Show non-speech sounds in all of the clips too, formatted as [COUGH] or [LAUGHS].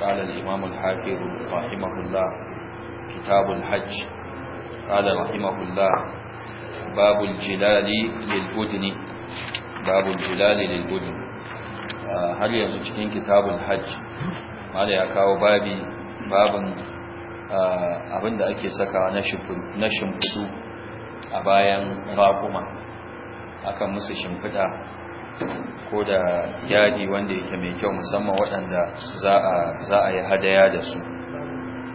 قال الإمام الحافظ رحمه الله كتاب الحج قال رحمه الله باب الجلال للبدن باب الجلال للبدن har yanzu cikin kitabul hajj mala ya kawo babi abinda ake saka na shimfidu a bayan raƙuma akan musu shimfiɗa. ko da yadi wanda yake mai kyau musamman waɗanda za a yi hadaya da su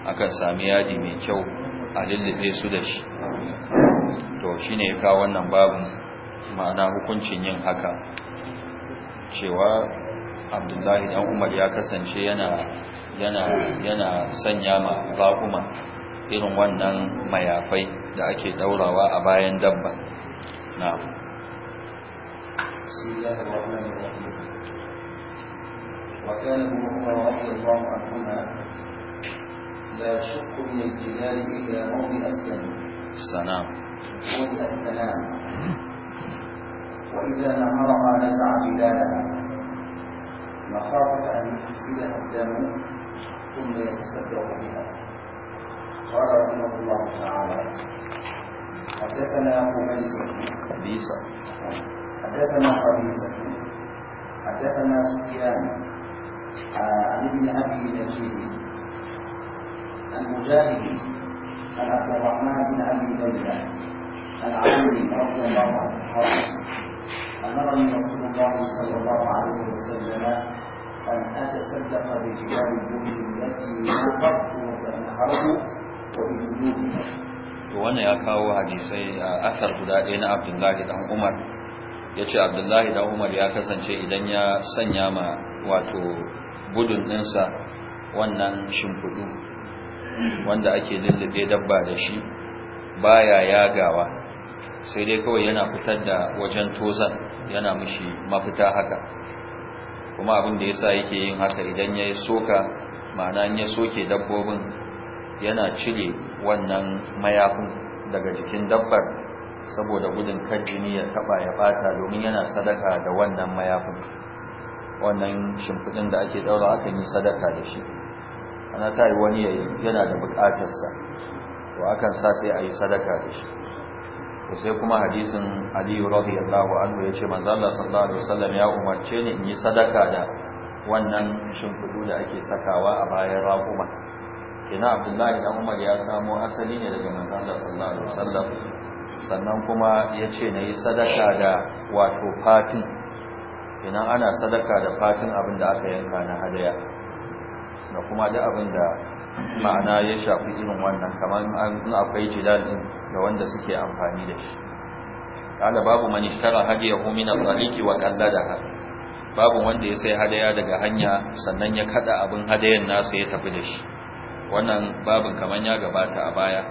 akan sami yadi mai kyau a lullube su da shi to shi ne ka kawo wannan babu, ma'ana hukuncin yin haka cewa abdullahi dan umar ya kasance yana sanya ma baƙuma irin wannan mayafai da ake ɗaurawa a bayan dabba na. بسم الله الرحمن الرحيم وكان ابن عمر رضي الله عنهما لا شك من الجبال إلا موضع السلام السلام موضع السلام وإذا نهرها نزع جبالها مخافة أن يفسدها الدم ثم يتصدق بها قال رحمه الله تعالى حدثنا أبو بن سعيد حدثنا سفيان حدثنا سفيان آه، عن ابن أبي نجيب المجاهد عن عبد الرحمن بن أبي ليلى عن علي رضي الله عنه قال أمرني رسول الله صلى الله عليه وسلم أن أتصدق بجبال الدنيا التي نقضت وتنحرت وبجنودها. وانا يا كاو حديثي آه، اثر guda ɗaya عبد الله dan عمر ya ce abdullahi da umar ya kasance idan ya sanya ma wato gudun ɗinsa wannan shimfudu. wanda ake lullube dabba da shi baya yagawa sai dai kawai yana fitar da wajen tozan yana mishi mafita haka kuma abin da ya sa yake yin haka idan ya soka ma'ana ya soke dabbobin yana cire wannan mayafin daga jikin dabbar saboda gudun kan jini ya taba ya bata domin yana sadaka da wannan mayafin wannan shimfidin da ake daura akan yi sadaka da shi ana ta yi wani yana da bukatarsa to akan sa sai a yi sadaka da shi to sai kuma hadisin aliyu radiyallahu anhu ya ce manzo Allah sallallahu alaihi wasallam ya umarce ni in yi sadaka da wannan shimfidu da ake sakawa a bayan raƙuma kina abdullahi dan umar ya samo asali ne daga manzo Allah sallallahu alaihi wasallam sannan kuma ya ce na yi sadaka da wato fatin idan ana sadaka da fatin abin da aka yanka na hadaya da kuma da abin da ma'ana ya shafi irin wannan kamar an akwai jidal din da wanda suke amfani da shi Kada babu man ishtara hadiyahu min al-tariqi wa qalladaha babu wanda ya sai hadaya daga hanya sannan ya kada abin hadayan nasa ya tafi da shi wannan babin kamar ya gabata a baya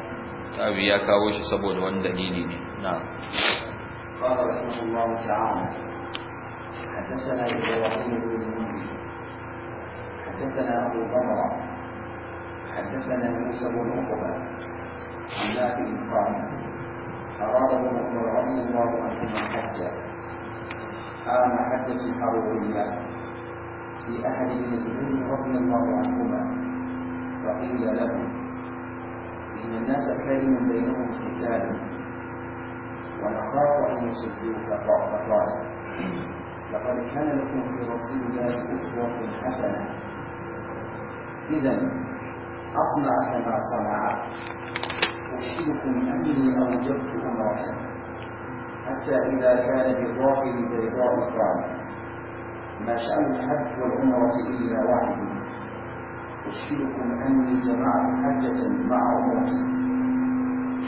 tabi ya kawo shi saboda wani dalili ne na قال رحمه الله تعالى حدثنا ابراهيم بن منذر حدثنا ابو بكر حدثنا موسى بن عقبه عن نافع قال اراد ابن عمر رضي الله عنهما حجه قام حجه حرب الله في احد بن رضي الله عنهما فقيل له إن الناس كانوا بينهم قتالا ونخاف أن يصدوك بعض لقد كان لكم في رسول الله أسوة حسنة إذا أصنع كما صنع أشهدكم أني أوجبت أمرك حتى إذا كان بالظاهر بيضاء قال ما شأن الحج والعمرة إلا واحد أشهدكم أني جمعت حجة مع عمرة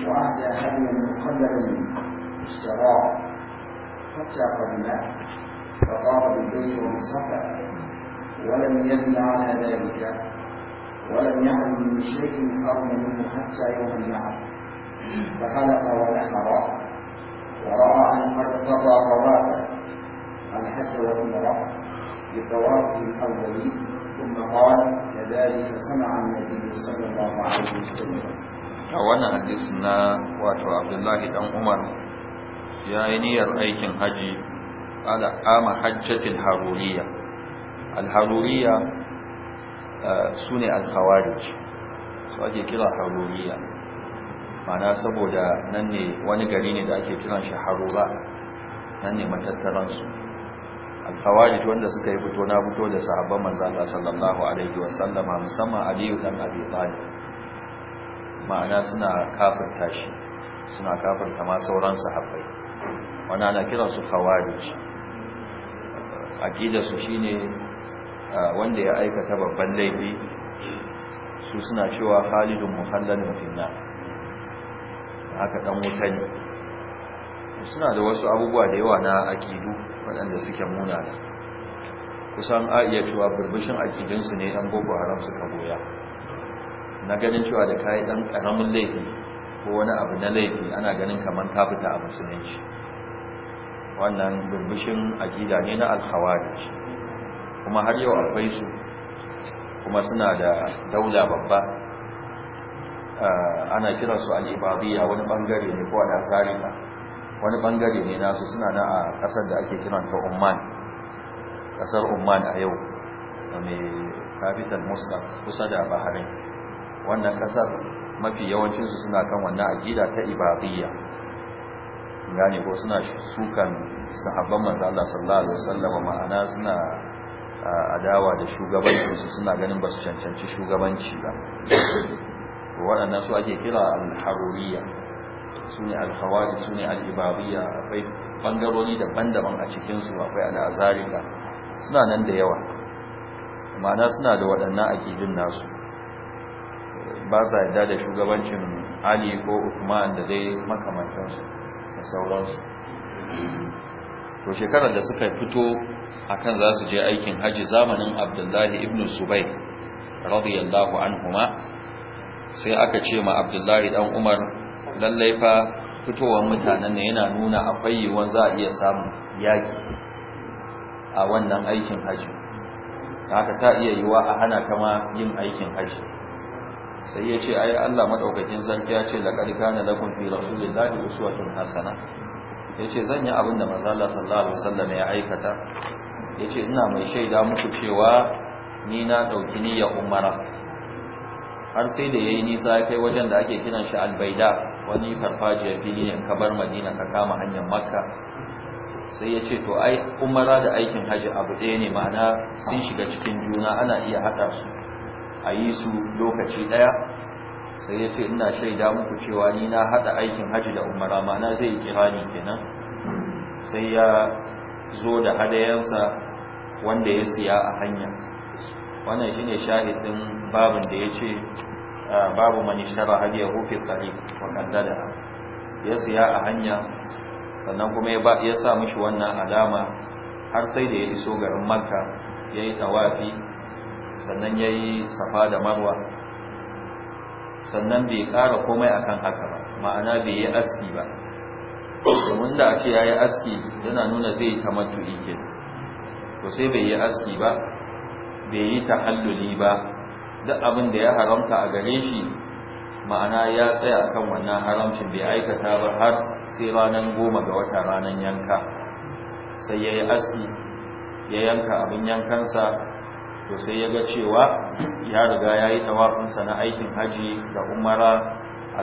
وأهدى هديا مقلدا اشتراه حتى قدماه فطار بالبيت وانصفى ولم يزل على ذلك ولم يعلم من شيء حرم منه حتى يوم النحر فخلق ونحر a wannan hadisin na wato abdullahi dan umar ya yi niyyar aikin haji ala ama hajjatin haruriya alharuriya eh, su ne alkhawarij su ake kira haruriya mana saboda nan ne wani gari ne da ake kiran shi harura nan ne matattaransu al-khawarij wanda suka yi fito na fito da sahabban manzo Allah sallallahu alaihi wasallam musamman Aliyu dan Abi Talib ma'ana suna kafirta shi suna kafirta ma sauran sahabbai wani ana kira su khawarij aqida su shine wanda ya aikata babban laifi su suna cewa khalidun muhallalun finna haka dan wuta ne suna da wasu abubuwa da yawa na aqidu waɗanda suke munana kusan a iya cewa burbushin akidinsu ne yan boko haram suka goya na ganin cewa da kayi ɗan ƙaramin laifi ko wani abu na laifi ana ganin kamar ta fita a musulunci wannan burbushin akida ne na alkhawarij kuma har yau akwai su kuma suna da daula babba ah, ana kiransu al'ibadiyya wani bangare ne ko al'azari ba wani bangare ne nasu suna na a kasar da ake kiran ta umman, kasar umman a yau mai capital musa kusa da Bahrain wannan kasar mafi yawancinsu suna kan wannan aqida ta ibadiyya gane ko suna sukan sahabban manzo Allah sallallahu alaihi wasallam ma'ana suna adawa da shugabanci su suna ganin ba su cancanci shugabanci ba waɗannan su ake kira al su ne alhawari sune ne al'ibariya akwai bangarori daban-daban a cikinsu akwai al'azarika suna nan da yawa ma'ana suna da waɗannan akidun nasu ba sa yadda da shugabancin ali ko ukman da dai makamantansu da sauransu to shekarar da suka fito akan za su je aikin haji zamanin abdullahi ibn zubai radiyallahu anhuma sai aka ce ma abdullahi dan umar lallai fa fitowar mutanen ne yana nuna akwai yiwuwar za a iya samun yaki a wannan aikin hajji haka ta iya yiwuwa a hana kama yin aikin hajji sai ya ce ai Allah madaukakin sarki ya ce laqad kana lakum fi rasulillahi uswatun hasana yace zan yi abin da manzo Allah sallallahu alaihi wasallam ya aikata yace ina mai shaida muku cewa ni na dauki niyyar umara har sai da yayi nisa kai wajen da ake kiran shi albaida wani farfajiyar fili ne ka bar madina ka kama hanyar makka sai ya ce to ai umara da aikin hajji abu ɗaya ne ma'ana sun shiga cikin juna ana iya haɗa su a yi su lokaci ɗaya sai ya ce ina shaida muku cewa ni na haɗa aikin hajji da umara ma'ana zai yi kirani kenan sai ya zo da hadayensa wanda ya siya a hanya wannan shine shahidin babin da ya ce babu man ishtara ya fi tariq wa qaddada ya siya a hanya sannan kuma ya ba sa mishi wannan alama har sai da ya iso garin Makka yayi tawafi sannan yayi safa da marwa sannan bai ƙara komai akan haka ba ma'ana bai yi aski ba domin da ake yayi aski yana nuna zai tamattu ke to sai bai yi aski ba bai yi tahalluli ba duk abin da ya haramta a gare shi ma'ana ya tsaya kan wannan haramcin bai aikata ba har sai ranar goma ga wata ranar yanka sai ya yi asi ya yanka abin yankansa to sai ya ga cewa ya riga ya yi tawafinsa na aikin haji da umara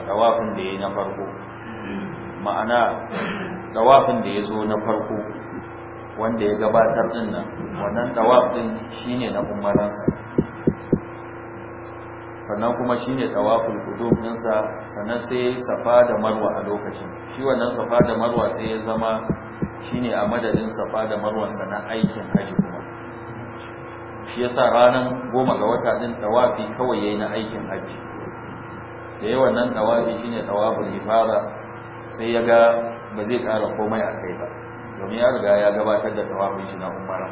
a tawafin da ya yi na farko ma'ana tawafin da ya zo na farko wanda ya gabatar din nan wannan tawafin din shine na umaransa sannan kuma shine tawaful kudum ɗinsa sannan sai safa da marwa a lokacin shi wannan safa da marwa sai ya zama shine a madadin safa da marwa sannan aikin haji kuma shi ya sa ranar goma ga wata din tawafi kawai ya yi na aikin haji da yawan nan tawafi shine tawaful ifara sai ya ga ba zai ƙara komai a kai ba domin ya riga ya gabatar da tawafin shi na umara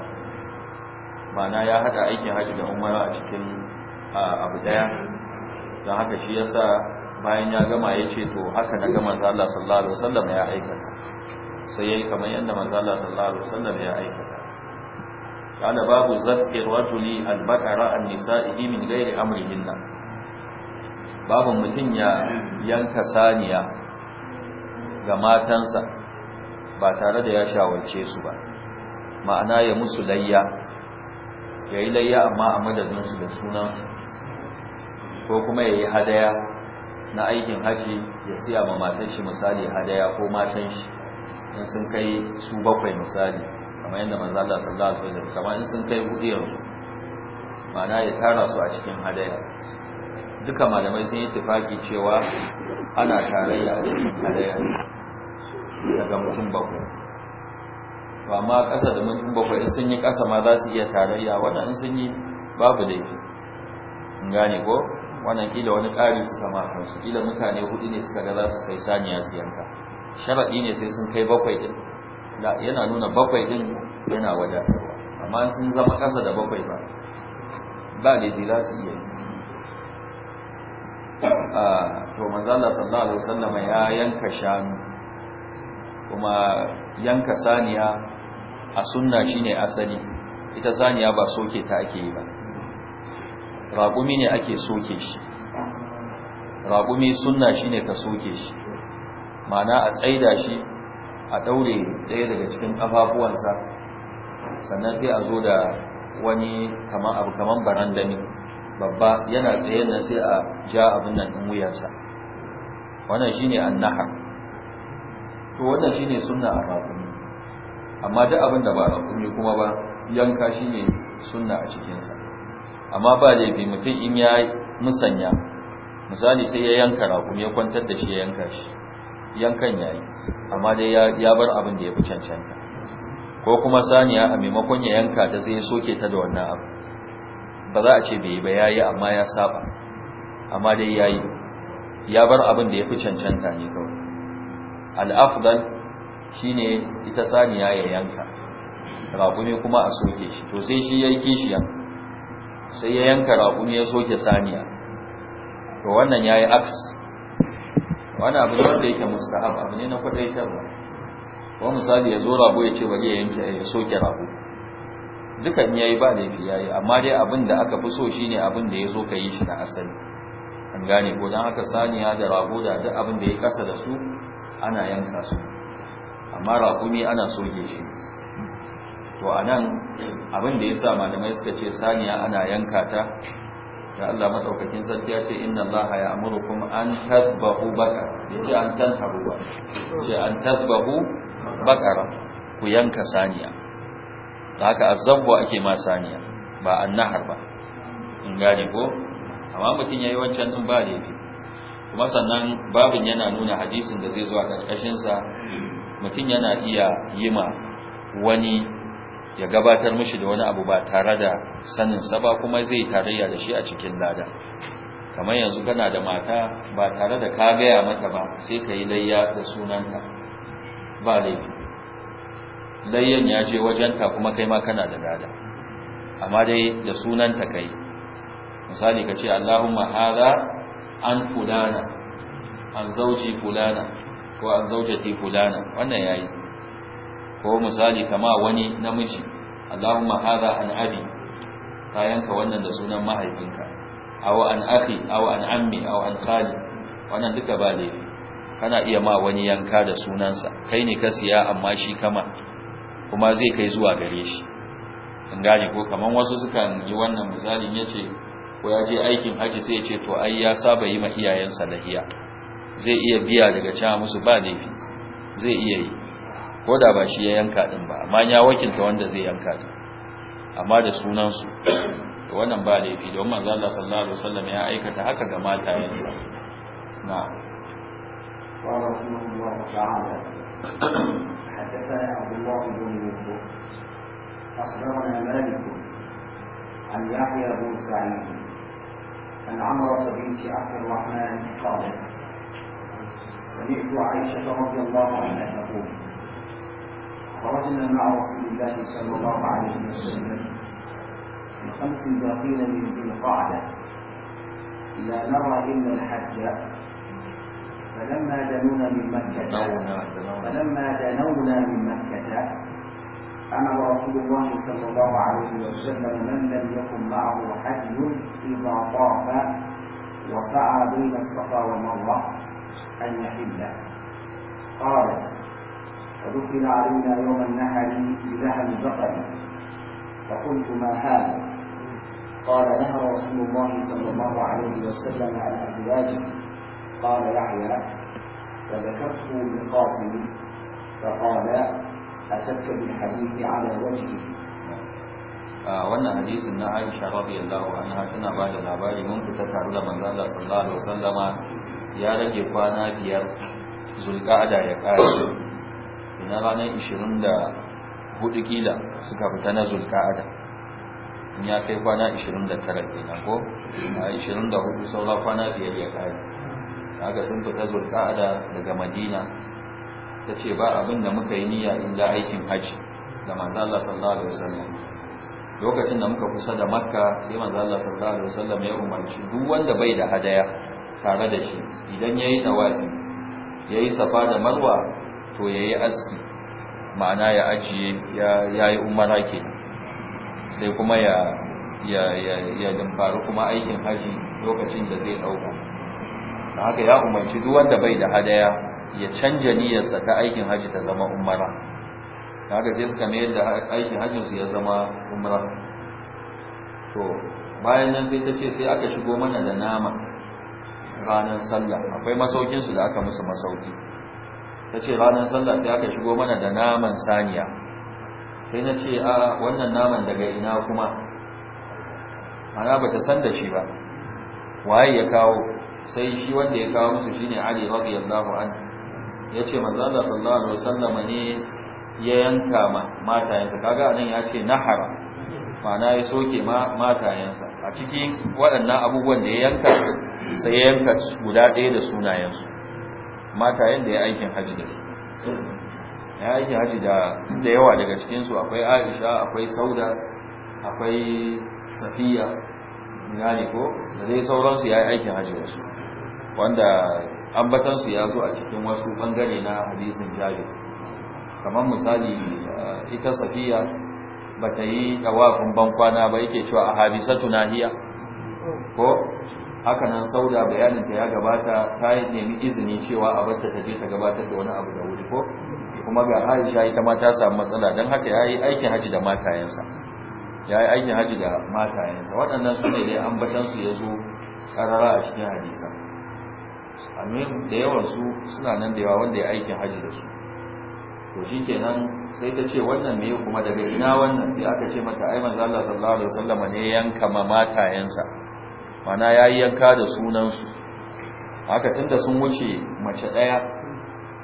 ma'ana ya haɗa aikin haji da umara a cikin abu daya don haka shi yasa bayan ya gama ya ce to haka na gama zala sallallahu sallam ya aikata sai yi kamar yadda mazala sallallahu sallam ya aikata kana babu zakki rajuli albakara baqara an-nisa'i min ghairi nan babu mutum ya yanka saniya ga matansa ba tare da ya shawarce su ba ma'ana ya musu layya ya yi layya amma a madadinsu da sunansu ko kuma ya yi hadaya na aikin haji ya siya ma matan shi misali hadaya ko matan shi in sun kai su bakwai misali kamar yadda manzo Allah sallallahu alaihi wasallam kamar in sun kai hudu yanzu ma'ana ya tara su a cikin hadaya duka malamai sun yi tufaki cewa ana tarayya a cikin hadaya daga mutum bakwai to amma ƙasa da mutum bakwai in sun yi ƙasa ma za su iya tarayya wannan in sun yi babu laifi gane ko wannan kila wani ƙari suka ma kansu kila mutane hudu ne suka ga za su sai saniya su yanka sharaɗi ne sai sun kai bakwai ɗin yana nuna bakwai ɗin yana wadatarwa amma sun zama ƙasa da bakwai ba ba ne dila su iya yi to manzala sallallahu alaihi wasallam ya yanka shanu kuma yanka saniya a sunna shine asali ita saniya ba soke ta ake yi ba raƙumi ne ake soke shi raƙumi sunna ne ka soke shi ma'ana a tsaida shi a daure ɗaya daga cikin ƙafafuwansa sannan sai a zo da wani abu abu baranda ne, babba yana tsaye nan sai a ja abin nan ɗin wuyansa wannan shine annahar to wannan shine sunna a raƙumi amma duk abin da ba raƙumi kuma ba yanka shine sunna a cikinsa amma ba laifi mutum in ya musanya misali sai ya yanka raƙumi ya kwantar da shi ya yanka shi yankan ya yi amma dai ya bar abin da ya fi cancanta ko kuma saniya a maimakon ya yanka ta sai ya soke ta da wannan abu ba za a ce bai yi ba ya yi amma ya saba amma dai ya yi ya bar abin da ya fi cancanta ne kawai al'afdal shi ne ita saniya ya yanka raƙumi kuma a soke shi to sai shi ya yi kishiyan sai ya yanka raƙumi ya soke saniya to wannan yayi aks wani abu da yake mustahab abu ne na kwadaitarwa ko misali ya zo rabo ya ce bari ya yanke ya soke rabo duka in yayi ba laifi yayi amma dai abin da aka fi so shine abin da ya zo ka yi shi na asali an gane ko dan haka saniya da rago da duk abin da ya kasa da su ana yanka su amma ne ana soke shi to anan abin da ya sa malamai suka ce saniya ana yanka ta da Allah madaukakin sarki ya ce inna Allah kuma an tadbahu baqara yace an tanharu ba ce an tabbahu bakara ku yanka saniya da haka azzabbu ake ma saniya ba annahar ba in gane ko amma mutun yayi wancan din ba laifi kuma sannan babin yana nuna hadisin da zai zo a karkashin sa yana iya yima wani ya gabatar mashi da wani abu ba tare da sanin ba kuma zai tarayya da shi a cikin lada kamar yanzu kana da mata ba tare da ka gaya mata ba sai ka yi layya da sunanta ba laifi layyan ya je wajenta kuma kai ma kana da lada amma dai da sunanta kai misali ka ce allahumma hadha an fulana an zauji fulana ko an zaujati fulana wannan yayi ko misali kama wani namiji Allahumma hadha an abi kayanka wannan da sunan mahaifinka aw an akhi aw an ammi aw an khali wannan duka ba laifi kana iya ma wani yanka da sunansa kai ne ka siya amma shi kama kuma zai kai zuwa gare shi in gane ko kaman wasu sukan yi wannan misalin yace ko ya je aikin haji sai ya ce to ai ya saba yi ma iyayensa lahiya zai iya biya daga cewa musu ba laifi zai iya yi ko da ba shi ya yanka din ba amma ya wakilta wanda zai yanka din amma da sunan su wannan ba da laifi don manzo Allah sallallahu alaihi wasallam ya aikata haka ga matayensa na'am wa rahmatullahi ta'ala حدثنا عبد الله بن يوسف أخبرنا مالك عن يحيى بن سعيد عن عمرة بنت عبد الرحمن قالت سمعت عائشة رضي الله عنها تقول خرجنا مع رسول الله صلى الله عليه وسلم في خمس باقين من ذي القعدة لا نرى إلا الحج فلما دنونا من مكة فلما دنونا من مكة أمر رسول الله صلى الله عليه وسلم من لم يكن معه حج إذا طاف وسعى بين الصفا والمروة أن يحل قالت فدخل علينا يوم النحر بلحم بقر فقلت ما هذا قال نهى رسول الله صلى الله عليه وسلم عن أزواجه قال يحيى فذكرته للقاسم فقال أتتك بالحديث على وجهه wannan hadisin na Aisha radiyallahu anha tana ba da labari mun fita tare da manzon Allah sallallahu alaihi wasallama ya rage kwana biyar zulqa'ada ya kare na ranar 24 kila suka fita na zulka'ada in ya kai kwana 29 na ko a 24 saura kwana biyar ya kai haka sun fita zulka'ada daga madina ta ce ba abin da muka yi niyya inda aikin hajji da manzo Allah sallallahu alaihi wasallam lokacin da muka kusa da makka sai manzo Allah sallallahu alaihi wasallam ya umarci duk wanda bai da hadaya tare da shi idan yayi tawafi yayi safa da marwa to ya yi aski ma'ana ya ajiye ya yi umara ke sai kuma ya ya kuma aikin haji lokacin da zai ɗauko da haka ya umarci duwan da bai da hadaya ya canja niyyarsa ta aikin haji ta zama umara da haka sai suka mayar da aikin hajjinsu ya zama umara to bayan nan sai ta ce sai aka shigo mana da nama ranar sallah akwai masaukinsu da aka musu masauki ta ce ranar sallah sai aka shigo mana da naman saniya sai na ce a wannan naman daga ina kuma ana ba ta san da shi ba waye ya kawo sai shi wanda ya kawo musu shine ali radiyallahu anhu ce manzo Allah sallallahu alaihi wasallam ne ya yanka ma matayensa kaga anan ya ce nahara na ya soke ma matayensa a cikin waɗannan abubuwan da ya yanka sai ya yanka guda ɗaya da sunayensu mata yadda ya aikin hajji da su ya aikin hajji da yawa daga cikinsu akwai aisha akwai sauda akwai safiya ne ko da dai sauransu ya yi aikin hajji da su wanda ambatansu ya zo a cikin wasu bangare na hadisin jari kamar misali eh, ita safiya ba ta yi dawafin bankwana ba yake cewa a hadisatu nahiya ko haka nan sauda bayaninta ya gabata ta nemi izini cewa a barta ta je ta gabatar da wani abu da wuri ko kuma ga aisha ita ma ta samu matsala don haka ya yi aikin haji da matayensa ya yi aikin haji da matayensa waɗannan su ne dai ambatansu ya zo ƙarara a cikin hadisa amin da yawansu suna nan da yawa wanda ya aikin haji da su to shi kenan sai ta ce wannan ne kuma daga ina wannan sai aka ce mata ai manzo Allah sallallahu alaihi wasallam ne yanka ma matayensa mana ya yi yanka da sunansu haka inda sun wuce mace ɗaya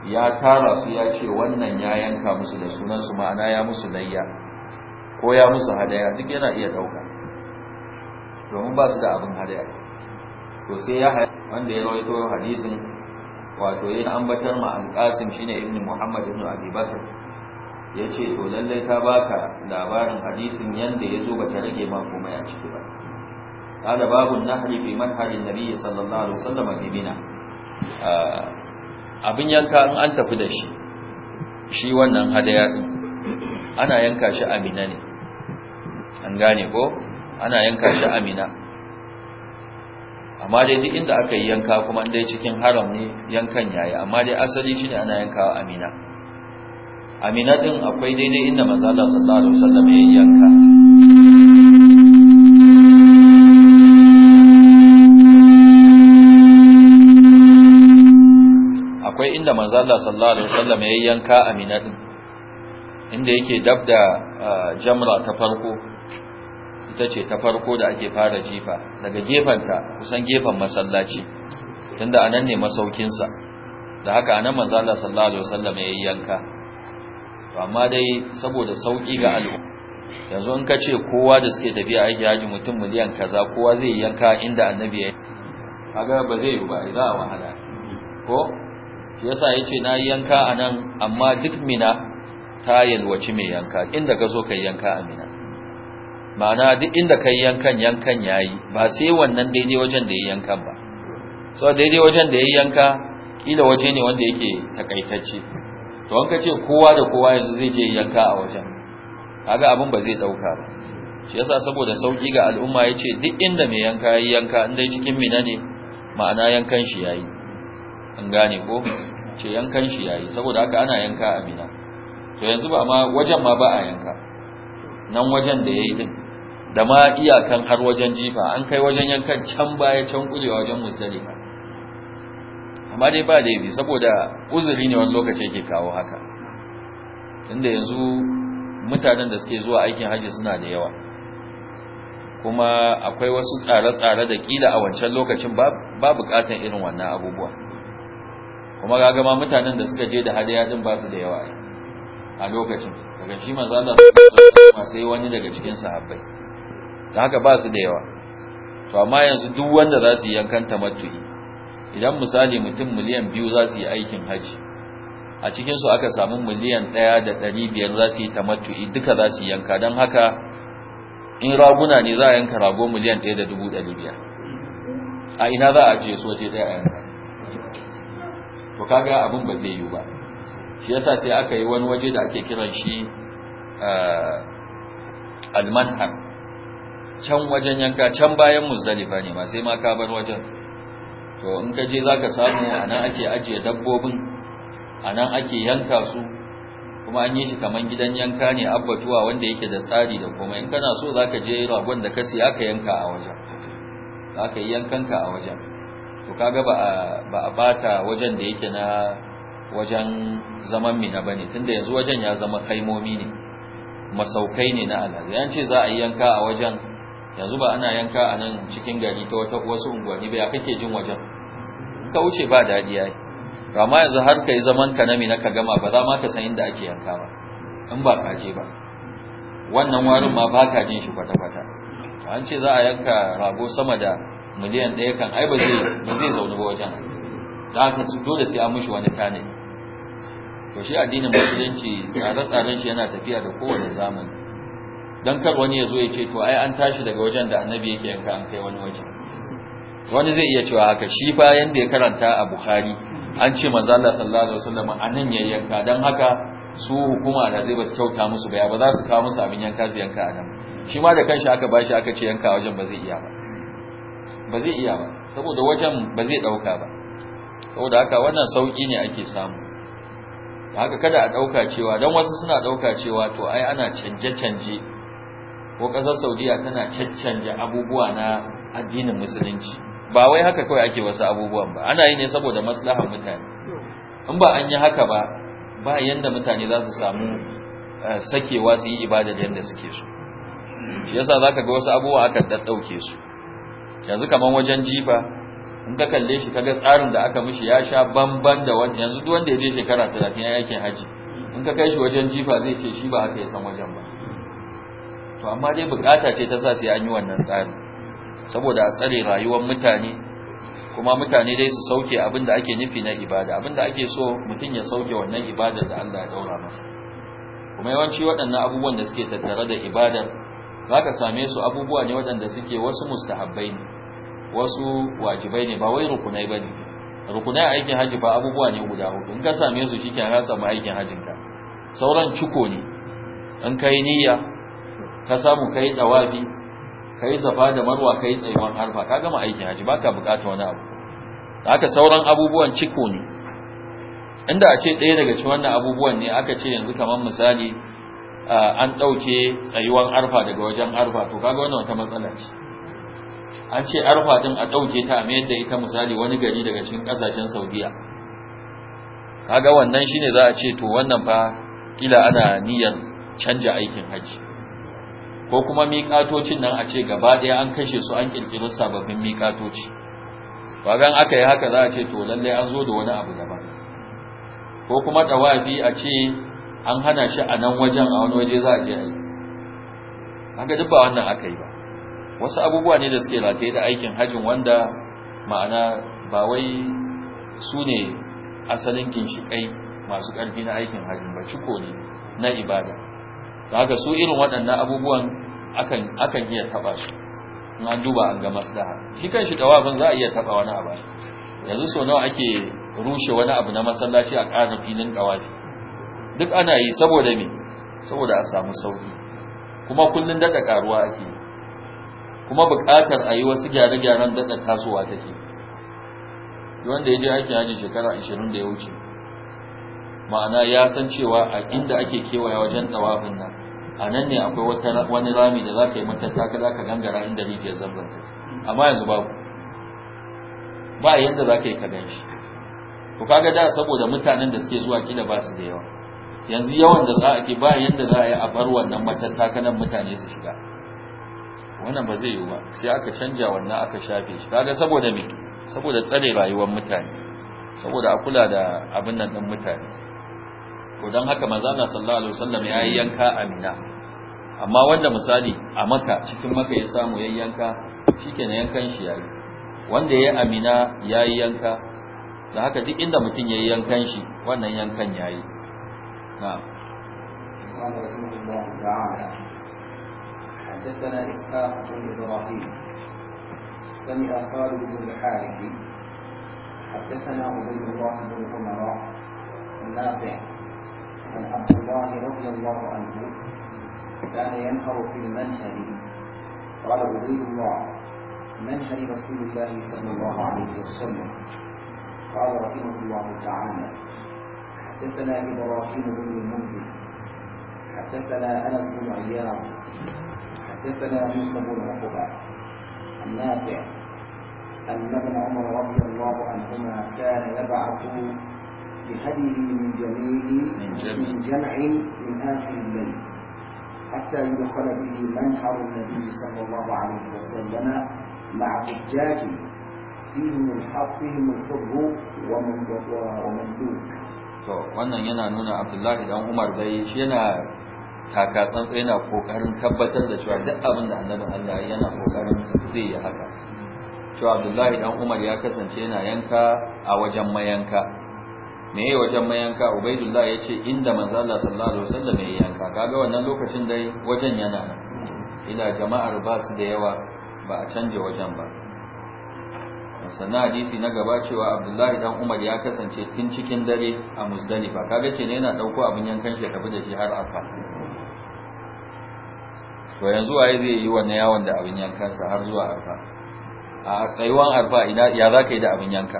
ya tara su ya ce wannan ya yanka musu da sunansu ma'ana ya musu layya ko ya musu hadaya duk yana iya ɗauka domin ba su da abin hadaya to sai ya haɗa wanda ya rawaito hadisin wato ya ambatar ma alƙasim shine ibnu muhammad ibnu abi ya ce to lallai ta baka labarin hadisin yanda ya zo ba ta rage ma komai a ciki ba قال باب النحر في منهج النبي صلى الله عليه وسلم في منى abin yanka in an tafi da shi shi wannan hadaya din ana yanka shi amina ne an gane ko ana yanka shi amina amma dai duk inda aka yi yanka kuma dai cikin haram ne yankan yayi amma dai asali shi ne ana yankawa amina amina din akwai daidai inda manzo Allah sallallahu alaihi wasallam ya yanka akwai inda manzo Allah sallallahu alaihi wasallam ya yanka Amina din inda yake dabda jamra ta farko ita ce ta farko da ake fara jifa daga gefanta kusan gefen masallaci tunda anan ne masaukin sa da haka anan manzo Allah sallallahu alaihi wasallam ya yanka to amma dai saboda sauki ga al'umma yanzu in ka ce kowa da suke tafiya aiki haji mutum miliyan kaza kowa zai yanka inda annabi ya yi kaga ba zai yi ba idan a wahala ko yasa yace na yanka anan amma duk mina ta yalwaci mai yanka inda ka zo kai yanka a mina ma'ana duk inda kai yankan yankan yayi ba sai wannan daidai wajen da yayi yankan ba so daidai wajen da yayi yanka kila waje ne wanda yake takaitacce to an kace kowa da kowa yanzu zai je yanka a wajen kaga abin ba zai dauka ba shi yasa saboda sauki ga al'umma yace duk inda mai yanka yayi yanka inda cikin mina ne ma'ana yankan shi yayi an gane ko ce yankan shi yayi saboda haka ana yanka a Mina to yanzu ba ma wajen ma ba a yanka nan wajen da yayi din da ma iyakan har wajen jifa an kai wajen yankan can baya can kulewa wajen musdalifa amma dai ba dai saboda uzuri ne wani lokaci yake kawo haka inda yanzu mutanen da suke zuwa aikin haji suna da yawa kuma akwai wasu tsare-tsare da kila a wancan lokacin ba bukatan irin wannan abubuwa kuma ga gama mutanen da suka je da hadaya din ba su da yawa a lokacin daga shi manzo Allah kuma sai wani daga cikin sahabbai da haka ba su da yawa to amma yanzu duk wanda za su yi yankan tamattu'i idan misali mutum miliyan biyu za su yi aikin haji a cikin su aka samu miliyan 1 da 500 za su yi tamattu'i duka za su yi yanka don haka in raguna ne za a yanka rago miliyan 1 da 500 a ina za a je soje daya a yanka to kaga abin ba zai yi ba shi yasa sai aka yi wani waje da ake kiran shi eh, almanhar can wajen yanka can bayan muzdalifa ne ma sai ma ka bar wajen to in ka je zaka samu anan ake ajiye dabbobin anan ake yanka su kuma an yi shi kaman gidan yanka ne abbatuwa wanda yake da tsari da kuma in kana so zaka je ragon da ka siya ka yanka a wajen zaka yi yankanka a wajen to kaga ba ba a bata wajen da yake na wajen zaman mina bane tunda yanzu wajen ya zama kaimomi ne masaukai ne na Allah ce za a yi yanka a wajen yanzu ba ana yanka a nan cikin gari ta wata wasu unguwanni ba ya kake jin wajen ka wuce ba daɗi yayi amma yanzu har kai zaman ka na mina ka gama ba za ma ka san inda ake yanka ba in ba ka je ba wannan warin ma ba ka jin shi kwata-kwata an ce za a yanka rago sama da miliyan ɗaya kan ai ba zai zaune ba wajen da aka su dole sai an mushi wani kane to shi addinin musulunci tsare-tsaren shi yana tafiya da kowane zamani don kar wani ya zo ya ce to ai an tashi daga wajen da annabi yake yanka an kai wani waje wani zai iya cewa haka shi fa yanda ya karanta a bukhari an ce manzo Allah sallallahu alaihi wasallam anan ya yanka dan haka su hukuma da zai ba su kyauta musu ba ya ba za su kawo musu abin yanka su yanka a nan shi ma da kanshi aka bashi aka ce yanka wajen ba zai iya ba ba zai iya ba saboda wajen ba zai dauka ba saboda haka wannan sauki ne ake samu haka kada a dauka cewa dan wasu suna dauka cewa to ai ana canje canje ko kasar Saudiya tana caccanje abubuwa na addinin musulunci ba wai haka kawai ake wasu abubuwan ba ana yi ne saboda maslahar mutane in ba an yi haka ba ba yanda mutane za su samu eh, sakewa su yi ibada da yanda suke so shi yasa zaka ga wasu abubuwa aka daddauke su yanzu kaman wajen jifa in ka kalle shi kaga tsarin da aka mishi ya sha bamban da wani yanzu duk wanda ya je shekara 30 ya yake haji in ka kai shi wajen jifa zai ce shi ba aka yi san wajen ba to amma dai bukata ce ta sa sai an yi wannan tsari saboda a tsare rayuwar mutane kuma mutane dai su sauke abin da ake nufi na ibada abin da ake so mutum ya sauke wannan ibada da Allah ya daura masa kuma yawanci waɗannan abubuwan da suke tattare da ibada, za ka same su abubuwa ne waɗanda suke wasu mustahabbai ne wasu wajibai ne ba wai rukunai bane rukunai aikin haji ba abubuwa ne guda hudu in ka same su shikenan ka samu aikin hajin ka sauran ciko ne in kai niyya ka samu kai dawafi kai safa da marwa kai tsayuwar harfa ka gama aikin haji baka bukata wani abu haka sauran abubuwan ciko ne inda a ce ɗaya daga cikin wannan abubuwan ne aka ce yanzu kamar misali an ɗauke tsayuwar arfa daga wajen arfa to kaga wannan wata matsala ce an ce arfa din a ɗauke ta a yadda ita misali wani gari daga cikin kasashen saudiya kaga wannan shine za a ce to wannan fa kila ana niyyar canja aikin haji ko kuma miƙatocin nan a ce gaba ɗaya an kashe su an kirkiro sababbin miƙatoci wagan aka yi haka za a ce to lallai an zo da wani abu daban ko kuma ɗawafi a ce an hana shi a nan wajen a wani waje za a je a yi duk ba wannan aka yi ba wasu abubuwa ne da suke rataye da aikin hajjin wanda ma'ana ba wai su ne asalin ginshiƙai masu ƙarfi na aikin hajjin ba ciko ne na ibada da haka su irin waɗannan abubuwan akan iya taɓa su in an duba an ga maslaha shi kan shi tawafin za a iya taɓa wani abu yanzu sau nawa ake rushe wani abu na masallaci a ƙara filin ƙawari? duk ana yi saboda me saboda a samu sauki kuma kullum daga ƙaruwa ake yi kuma buƙatar a yi wasu gyare-gyaren daɗa tasowa take wanda ya je aikin hajji shekara 20 da ya wuce ma'ana ya san cewa a inda ake kewaye wajen ɗawafin nan a nan ne akwai wani rami da za ka yi matattaka za ka gangara inda rijiyar zamzam take amma yanzu babu ba yadda za ka yi ka shi ku kaga da saboda mutanen da suke zuwa kila ba su da yawa yanzu yawan da za a ke ba yadda za a yi a bar wannan matattakanan mutane su shiga wannan ba zai yi ba sai aka canja wannan aka shafe shi kaga saboda me saboda tsare rayuwar mutane saboda a kula da abin nan din mutane ko dan haka manzo Allah sallallahu alaihi wasallam ya yi yanka amina amma wanda misali a maka cikin maka ya samu yayyanka shikenan yankan shi yayi wanda ya amina yayi yanka da haka duk inda mutum yayi yankan shi wannan yankan yayi na'am حدثنا إسحاق بن إبراهيم سمع خالد بن الحارث حدثنا عبيد الله بن عمر النافع عن عبد الله رضي الله عنه كان ينهر في المنهل قال عبيد الله منهل رسول الله صلى الله عليه وسلم قال رحمه الله تعالى حدثنا إبراهيم بن المنذر حدثنا أنس بن عياض فلا ينسبون العقبة النافع أن ابن عمر رضي الله عنهما كان يبعث بهديه من جميع من جمع من آخر الليل حتى يدخل به منحر النبي صلى الله عليه وسلم مع حجاج فيهم الحق فيهم الحر ومن ومن دون. to wannan yana nuna Abdullahi dan Umar dai shi yana kaka tsantsa yana kokarin tabbatar da cewa duk abin da annabin Allah yana kokarin zai yi haka cewa Abdullahi dan Umar ya kasance yana yanka a wajen mayanka me yayi wajen mayanka Ubaidullah ce, inda manzo Allah sallallahu alaihi wasallam ya yanka kaga wannan lokacin dai wajen yana ila jama'ar ba su da yawa ba a canje wajen ba sannan hadisi na gaba cewa abdullahi dan umar ya kasance tun cikin dare a musdalifa kaga kenan yana dauko abin yankan shi tafi da shi har afa to yanzu waye zai yi wannan yawon da abin sa har zuwa arfa a tsayuwan arfa ina ya za yi da abin yanka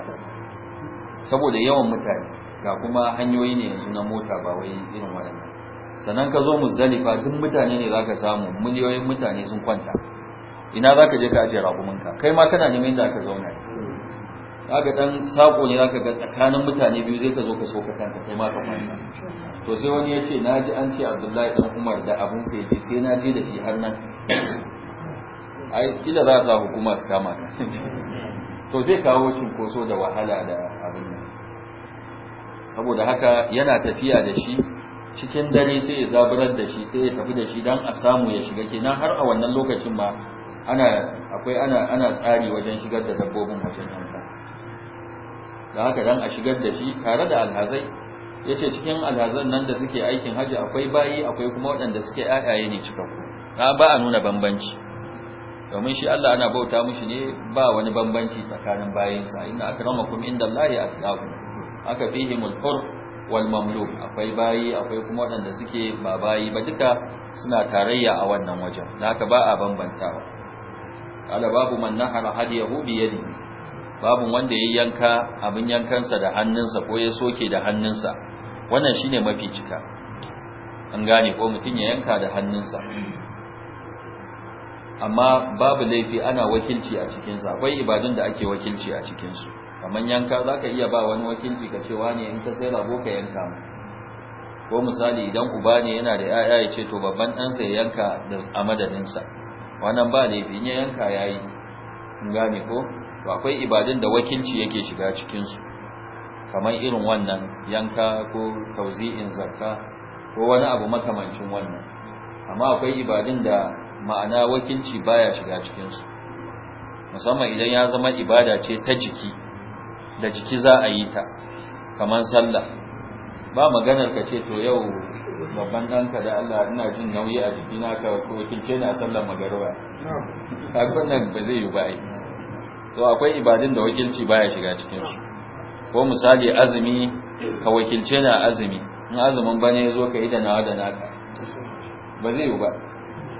saboda yawan mutane ga kuma hanyoyi ne yanzu na mota ba wai irin waɗannan sannan ka zo muzdalifa duk mutane ne za samu miliyoyin mutane sun kwanta ina zaka je ka ajiye ka? kai ma kana neman da ka zauna ne kaga dan sako ne zaka ga tsakanin mutane biyu zai ka zo ka soka kanka kai ma ka to sai wani ya ce naji an ce Abdullahi dan Umar da abin sai ce sai na da shi har nan ai kila za sa hukuma su kama ka to zai kawo cinkoso da wahala da abin nan saboda haka yana tafiya da shi cikin dare sai ya zaburar da shi sai ya tafi da shi dan a samu ya shiga kenan har a wannan lokacin ma ana akwai ana ana tsari wajen shigar da dabbobin wajen yanka da haka dan a shigar da shi tare da alhazai yace cikin alhazan nan da suke aikin haji akwai bayi akwai kuma waɗanda suke ayaye ne cikakku na ba a nuna bambanci domin shi Allah ana bauta mishi ne ba wani bambanci tsakanin bayinsa inna akramakum indallahi atqakum aka fihi hur wal mamluk akwai bayi akwai kuma waɗanda suke ba bayi ba duka suna tarayya a wannan wajen da haka ba a bambantawa ala babu man nahara hadiyahu bi yadihi babin wanda ya yanka abin yankansa da hannunsa ko ya soke da hannunsa wannan shine mafi cika an gane ko mutum ya yanka da hannunsa amma babu laifi ana wakilci a cikinsa akwai ibadun da ake wakilci a cikinsu kamar yanka za ka iya ba wani wakilci ka cewa ne in ka sai rabo ka yanka mu ko misali idan uba ne yana da ya'ya ya ce to babban ɗansa ya yanka a madadinsa wannan ba laifi in ya yanka ya yi gane ko to akwai ibadun da wakilci yake shiga cikinsu kamar irin wannan yanka ko tauzi'in zakka ko wani abu makamancin wannan amma akwai ibadun da ma'ana wakilci baya shiga cikinsu musamman idan ya zama ibada ce ta jiki da jiki za a yi ta kamar sallah ba maganar ka ce to yau babban ɗanka da Allah ina jin nauyi a jikina ka ko ni a sallar magariba a nan ba zai yi ba to akwai ibadun da wakilci baya shiga cikin ko misali azumi ka wakilce na azumi in azumin bane ya zo ka yi da nawa da naka ba zai yi ba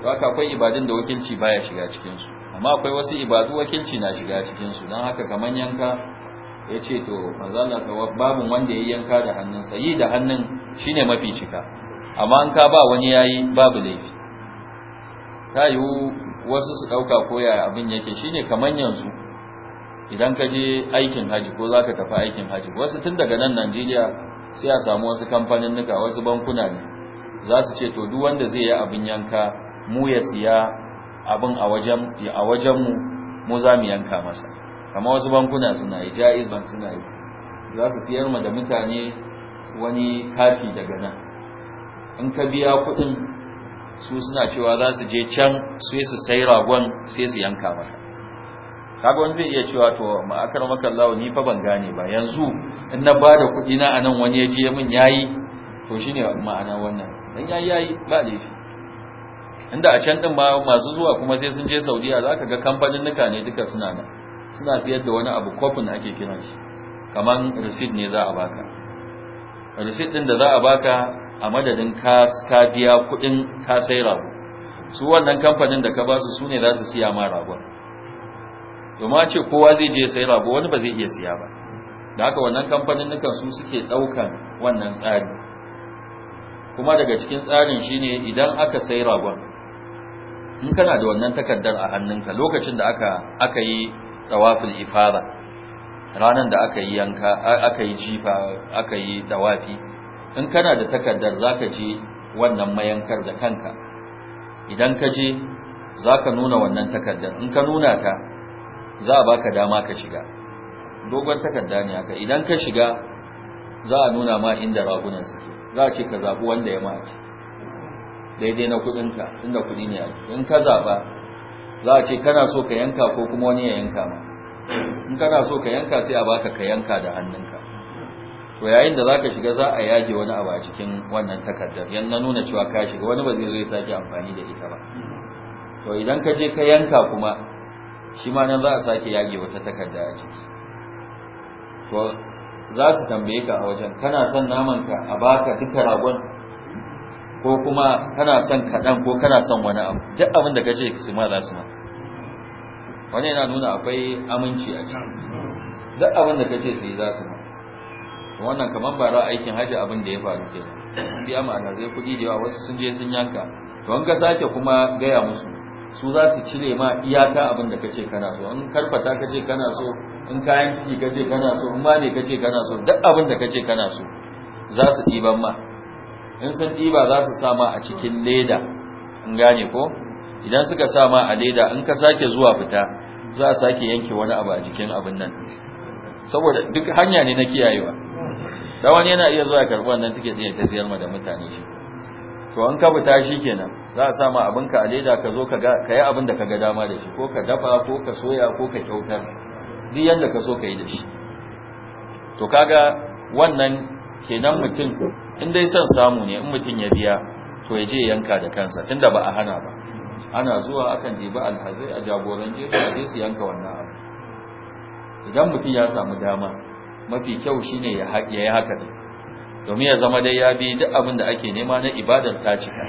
to haka akwai ibadun da wakilci baya shiga cikin su amma akwai wasu ibadu wakilci na shiga cikin su don haka kaman yanka ya ce to ka babin wanda ya yanka da hannunsa yi da hannun shine mafi cika amma an ka ba wani yayi babu laifi ta yiwu wasu su ɗauka koya abin yake shine kaman yanzu idan ka je aikin haji ko za ka tafi aikin haji wasu tun daga nan najeriya sai a samu wasu kamfanin nuka wasu bankuna ne za su ce to duk wanda zai yi abin yanka mu ya siya abin a wajen mu za mu yanka masa kama wasu bankuna suna yi ja'iz ban suna yi za su siyar ma da mutane wani kafi daga nan in ka biya kuɗin su suna cewa za su je can sai su sai ragon sai su yanka maka kaga wani zai iya cewa to ma'akarmaka Allah ni fa ban gane ba yanzu in na bada kuɗi na anan wani ya je min yayi to shine ma'ana wannan dan yayi yayi ba laifi inda a can din ma masu zuwa kuma sai sun je Saudiya zaka ga kamfanin nuka ne duka suna nan suna siyar da wani abu kofin ake kiran shi kaman receipt ne za a baka receipt din da za a baka a madadin ka ka biya kuɗin ka sai rago su wannan kamfanin da ka ba su sune za su siya ma ragon domin ce kowa zai je sai rago wani ba zai iya siya ba da haka wannan kamfanin nukan su suke ɗaukan wannan tsari kuma daga cikin tsarin shine idan aka sai ragon in kana da wannan takardar a hannunka lokacin da aka aka yi tawaful ifada ranan da aka yi yanka aka yi jifa aka yi tawafi in kana da takardar zaka je wannan mayankar da kanka idan ka je zaka nuna wannan takardar in ka nuna ta za a baka dama ka shiga dogon takarda ne haka idan ka shiga za a nuna ma inda ragunan suke za a ce ka zaɓi wanda ya mace daidai na ka, inda kuɗi ne a in ka zaɓa za a ce kana so ka yanka ko kuma wani ya yanka ma in kana so ka yanka sai a baka ka yanka da hannunka to yayin da zaka shiga za a yage wani abu a cikin wannan takardar yan na nuna cewa ka shiga wani ba zai zo ya sake amfani da ita ba to idan ka je ka yanka kuma shi ma nan za a sake yage wata takarda a ciki to za su tambaye ka a wajen kana son naman ka a baka duka ragon ko kuma kana son kaɗan ko kana son wani abu duk abin da ka ce su ma za su ma wani yana nuna akwai aminci a ciki duk abin da ka ce su yi za su ma wannan kamar ba aikin hajji abin da ya faru ke biya ma'ana zai kuɗi da yawa wasu sun je sun yanka to an ka sake kuma gaya musu su za su cire ma iyaka abin da kace kana so in karfata kace kana so in kayan ciki kace kana so in ma kace kana so duk abin da kace kana so za su ɗiban ma in sun ɗiba za su sa ma a cikin leda in gane ko idan suka sa ma a leda in ka sake zuwa fita za a sake yanke wani abu a jikin abin nan saboda duk hanya ne na kiyayewa dawani wani yana iya zuwa karɓi wannan tiket ɗin ya ta siyar ma da mutane shi to an ka shi kenan za a sa ma ka a leda ka zo ka ka yi abin da ka ga dama da shi ko ka dafa ko ka soya ko ka kyautar duk yadda ka so ka yi da shi to kaga wannan kenan mutum in dai son samu ne in mutum ya biya to ya je yanka da kansa tunda ba a hana ba ana zuwa akan diba alhazai a jagoran jesu a jesu yanka wannan abu idan mutum ya samu dama mafi kyau shine ya yi haka ne domin ya zama dai ya bi duk abin da ake nema na ibadar ta cika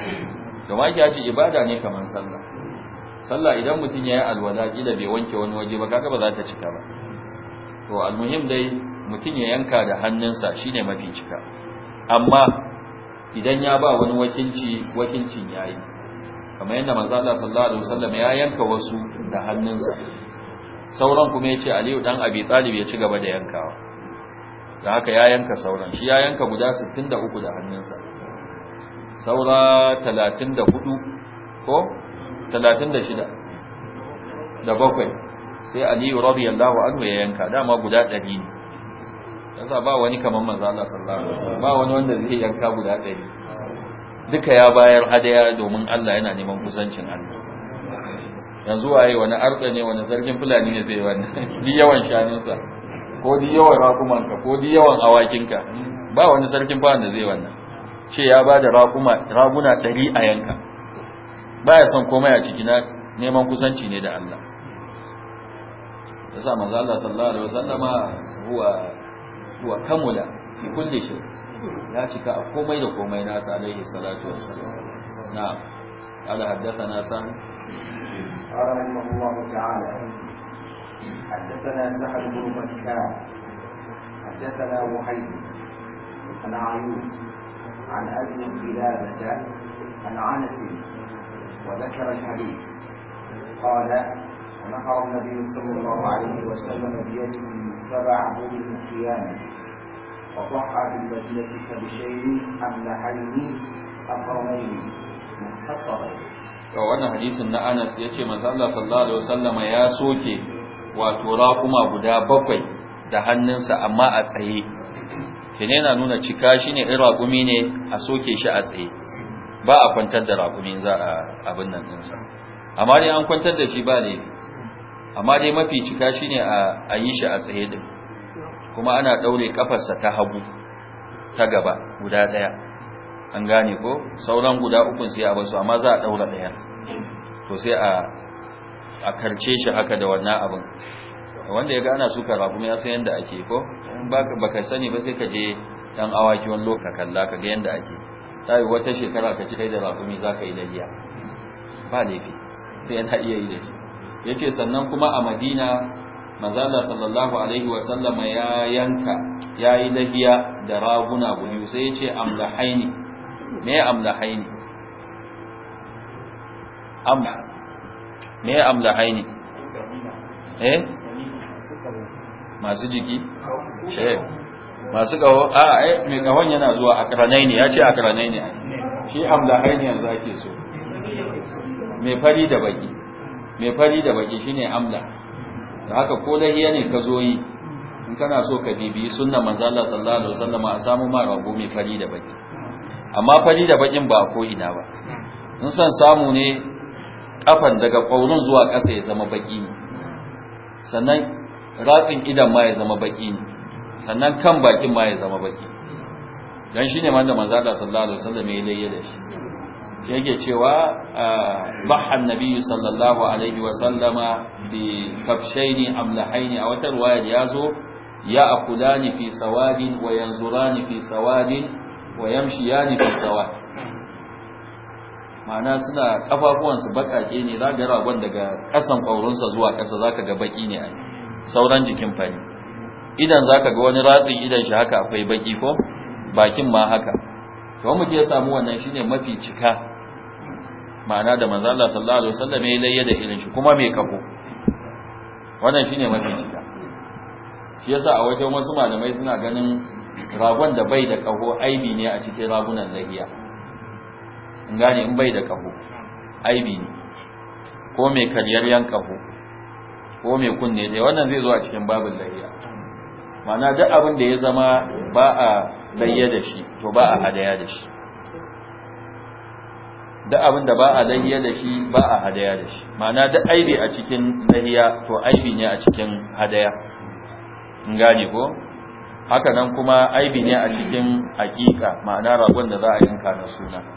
domin ake ci ibada ne kamar sallah sallah idan mutum ya yi alwala kila bai wanke wani waje ba kaga ba za ta cika ba to almuhim dai mutum ya yanka da hannunsa shine mafi cika amma idan ya ba wani wakilci wakilcin yayi kamar yadda manzo Allah sallallahu alaihi wasallam ya yanka wasu da hannunsa sauran kuma ya ce Aliyu dan Abi Talib ya ci gaba da yankawa da haka ya yanka sauran shi ya yanka guda 63 da hannunsa saura 34 ko 36 da bakwai sai aliyu radiyallahu anhu ya yanka dama guda 100 ne yasa ba wani kaman manzo Allah sallallahu alaihi wasallam ba wani wanda zai yanka guda 100 duka ya bayar hadaya domin Allah yana neman kusancin Allah yanzu waye wani arda ne wani zargin fulani ne zai wani ni [LAUGHS] yawan shanunsa ko di yawan raƙumanka ko di yawan awakinka ba wani sarkin fa da zai wannan ce ya ba da raguna ɗari a yanka ba ya son komai a ciki na neman kusanci ne da Allah ya manzo Allah sallallahu alaihi wasallama huwa huwa kamula fi kulli shay ya cika a komai da komai nasa alaihi salatu wassalam na قال حدثنا سعد رحمه الله ta'ala حدثنا سعد بن مكة حدثنا وحيد عن عيون عن ابي بلادة عن عنس وذكر الحديث قال ونحر النبي صلى الله عليه وسلم بيده سبع من قياما وضحى بالمدينه كبشين املحين اقرنين محتصرين وأنا حديث أن أنس Anas yace صلى الله عليه وسلم يا سوكي wato raƙuma guda bakwai da hannunsa amma a tsaye ne na nuna cika shi ne in raƙumi ne a soke shi a tsaye ba a kwantar da raƙumi za a abin nan ɗinsa amma dai an kwantar da shi ba ne amma dai mafi cika shi ne a yi shi a tsaye din kuma ana ɗaure ƙafarsa ta hagu ta gaba guda ɗaya an gane ko sauran guda ukun sai a basu amma za a ɗaura ɗaya to sai a a karce shi haka da wannan abin wanda ya gana suka rafu ya san yadda ake ko ba ka sani ba sai ka je ɗan awaki wani loka kalla ka ga yadda ake ta yi wata shekara ka ci kai da rafu za ka yi lahiya ba laifi sai yana iya yi da shi ya ce sannan kuma a madina mazala sallallahu alaihi wasallama ya yanka ya yi lahiya da raguna gudu sai ya ce amlahaini me amlahaini amla me ya Haini, eh masu jiki eh masu kawo a eh mai kawon yana zuwa karanai ne ya ce karanai ne shi Haini yanzu ake so mai fari da baki mai fari da baki shine amla da haka ko lahiya ne ka zo yi in kana so ka bibi sunna manzo Allah sallallahu alaihi wasallam a samu ma rago mai fari da baki amma fari da bakin ba ko ina ba in san samu ne kafan daga ƙaurin zuwa ƙasa ya zama baki ne sannan ratsin idan ma ya zama baki ne sannan kan bakin ma ya zama baki shi ne ma da manzo da sallallahu alaihi wasallam ya layya da shi yake cewa ah, bahan nabiyyu sallallahu alaihi wasallama bi kafshaini amlahaini a wata riwaya da zo ya akulani fi sawadin wa yanzurani fi sawadin wa yamshiyani fi sawadin ma'ana suna kafafuwansu bakake ne za ga ragon daga ƙasan ƙwaurinsa zuwa ƙasa za ka ga baki ne a sauran jikin fari idan za ka ga wani ratsin idan shi haka akwai baki ko bakin ma haka to mu ke samu wannan shine mafi cika ma'ana da manzo Allah sallallahu alaihi wasallam ya layya da irin shi kuma mai kafo wannan shine mafi cika shi yasa a wajen wasu malamai suna ganin ragon da bai da kaho aibi ne a cikin ragunan lahiya gane in bai da kaho aibi ne ko mai karyaryen kaho ko mai kunne dai wannan zai zo a cikin babin layya mana duk abin da ya zama ba a layya da shi to ba a hadaya da shi duk abin da ba a layya da shi ba a hadaya da shi mana duk aibi a cikin layya to aibi ne a cikin hadaya in gane ko haka nan kuma aibi ne a cikin hakika ma'ana ragon da za a yanka na suna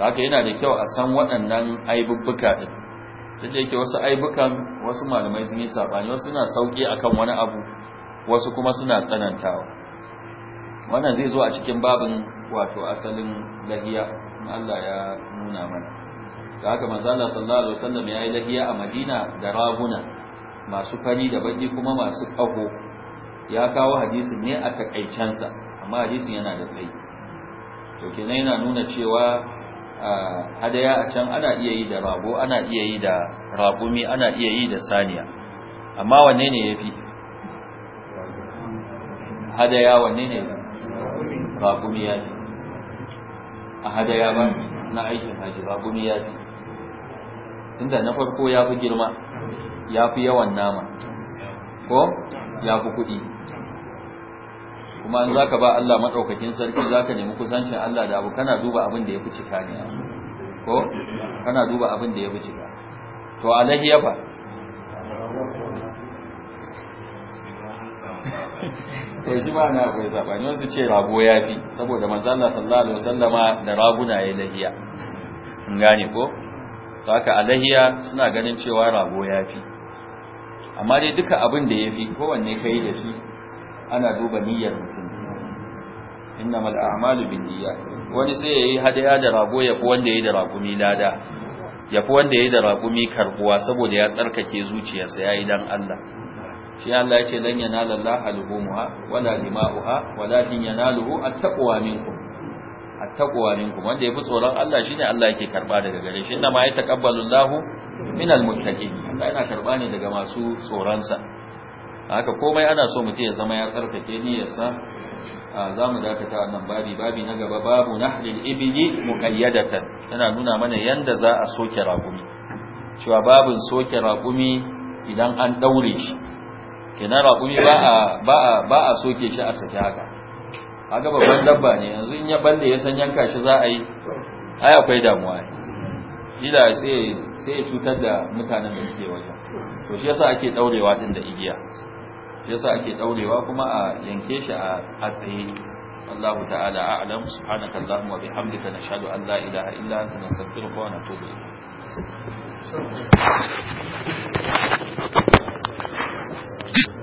da haka yana da kyau a san waɗannan aibubbuka ɗin ta ce yake wasu aibukan wasu malamai sun yi saɓani wasu suna sauƙi a kan wani abu wasu kuma suna tsanantawa wannan zai zo a cikin babin wato asalin lahiya in Allah ya nuna mana da haka manzala sallallahu alaihi ya yi lahiya a Madina da raguna masu fari da baki kuma masu kaho ya kawo hadisin ne a takaicensa amma hadisin yana da tsayi to kenan yana nuna cewa hadaya a can ana iya yi da rago ana iya yi da raƙumi ana iya yi da saniya amma wanne ne ya fi hadaya wanne ne raƙumi ya fi a hadaya ba na aikin haji raƙumi ya fi inda na farko ya fi girma ya fi yawan nama ko ya fi kuɗi kuma an zaka ba Allah madaukakin sarki zaka nemi kusancin Allah da abu kana duba abin da ya fi cika ne ko kana duba abin da ya fi cika to alahi ya fa to shi ba na akwai sabani wasu ce rago ya fi saboda manzo Allah sallallahu alaihi wasallam da raguna ya lahiya in gane ko to haka alahiya suna ganin cewa rago ya fi amma dai duka abin da ya fi kowanne kai da shi ana duba niyyar mutum innamal a'malu binniyat wani sai yayi hadaya da rago ya fi wanda yayi da raƙumi lada ya fi wanda yayi da raƙumi karbuwa saboda ya tsarkake zuciyarsa yayi dan Allah shi Allah ya ce lan yanala Allah alhumuha wala dima'uha walakin yanaluhu at-taqwa minkum at-taqwa minkum wanda yafi tsoron Allah shine Allah yake karba daga gare shi inna ma yataqabbalu Allahu minal muttaqin Allah yana karba ne daga masu tsoron sa haka komai ana so mu mutum ya zama ya tsarkake niyyarsa za mu dakata a nan babi babi na gaba babu nahlil ibili muqayyadatan tana nuna mana yanda za a soke raƙumi cewa babin soke raƙumi idan an daure shi kenan raƙumi ba a ba a ba a soke shi a sake haka haka babban dabba ne yanzu in ya balle ya san yanka shi za a yi ai akwai damuwa ila sai sai ya cutar da mutanen da suke wajen to shi yasa ake ɗaurewa din da igiya yasa ake daurewa kuma a yanke shi a tsaye Allahu ta'ala a'lam subhanaka allahumma bihamdika nashhadu an la ilaha illa anta nastaghfiruka wa natubu ilayk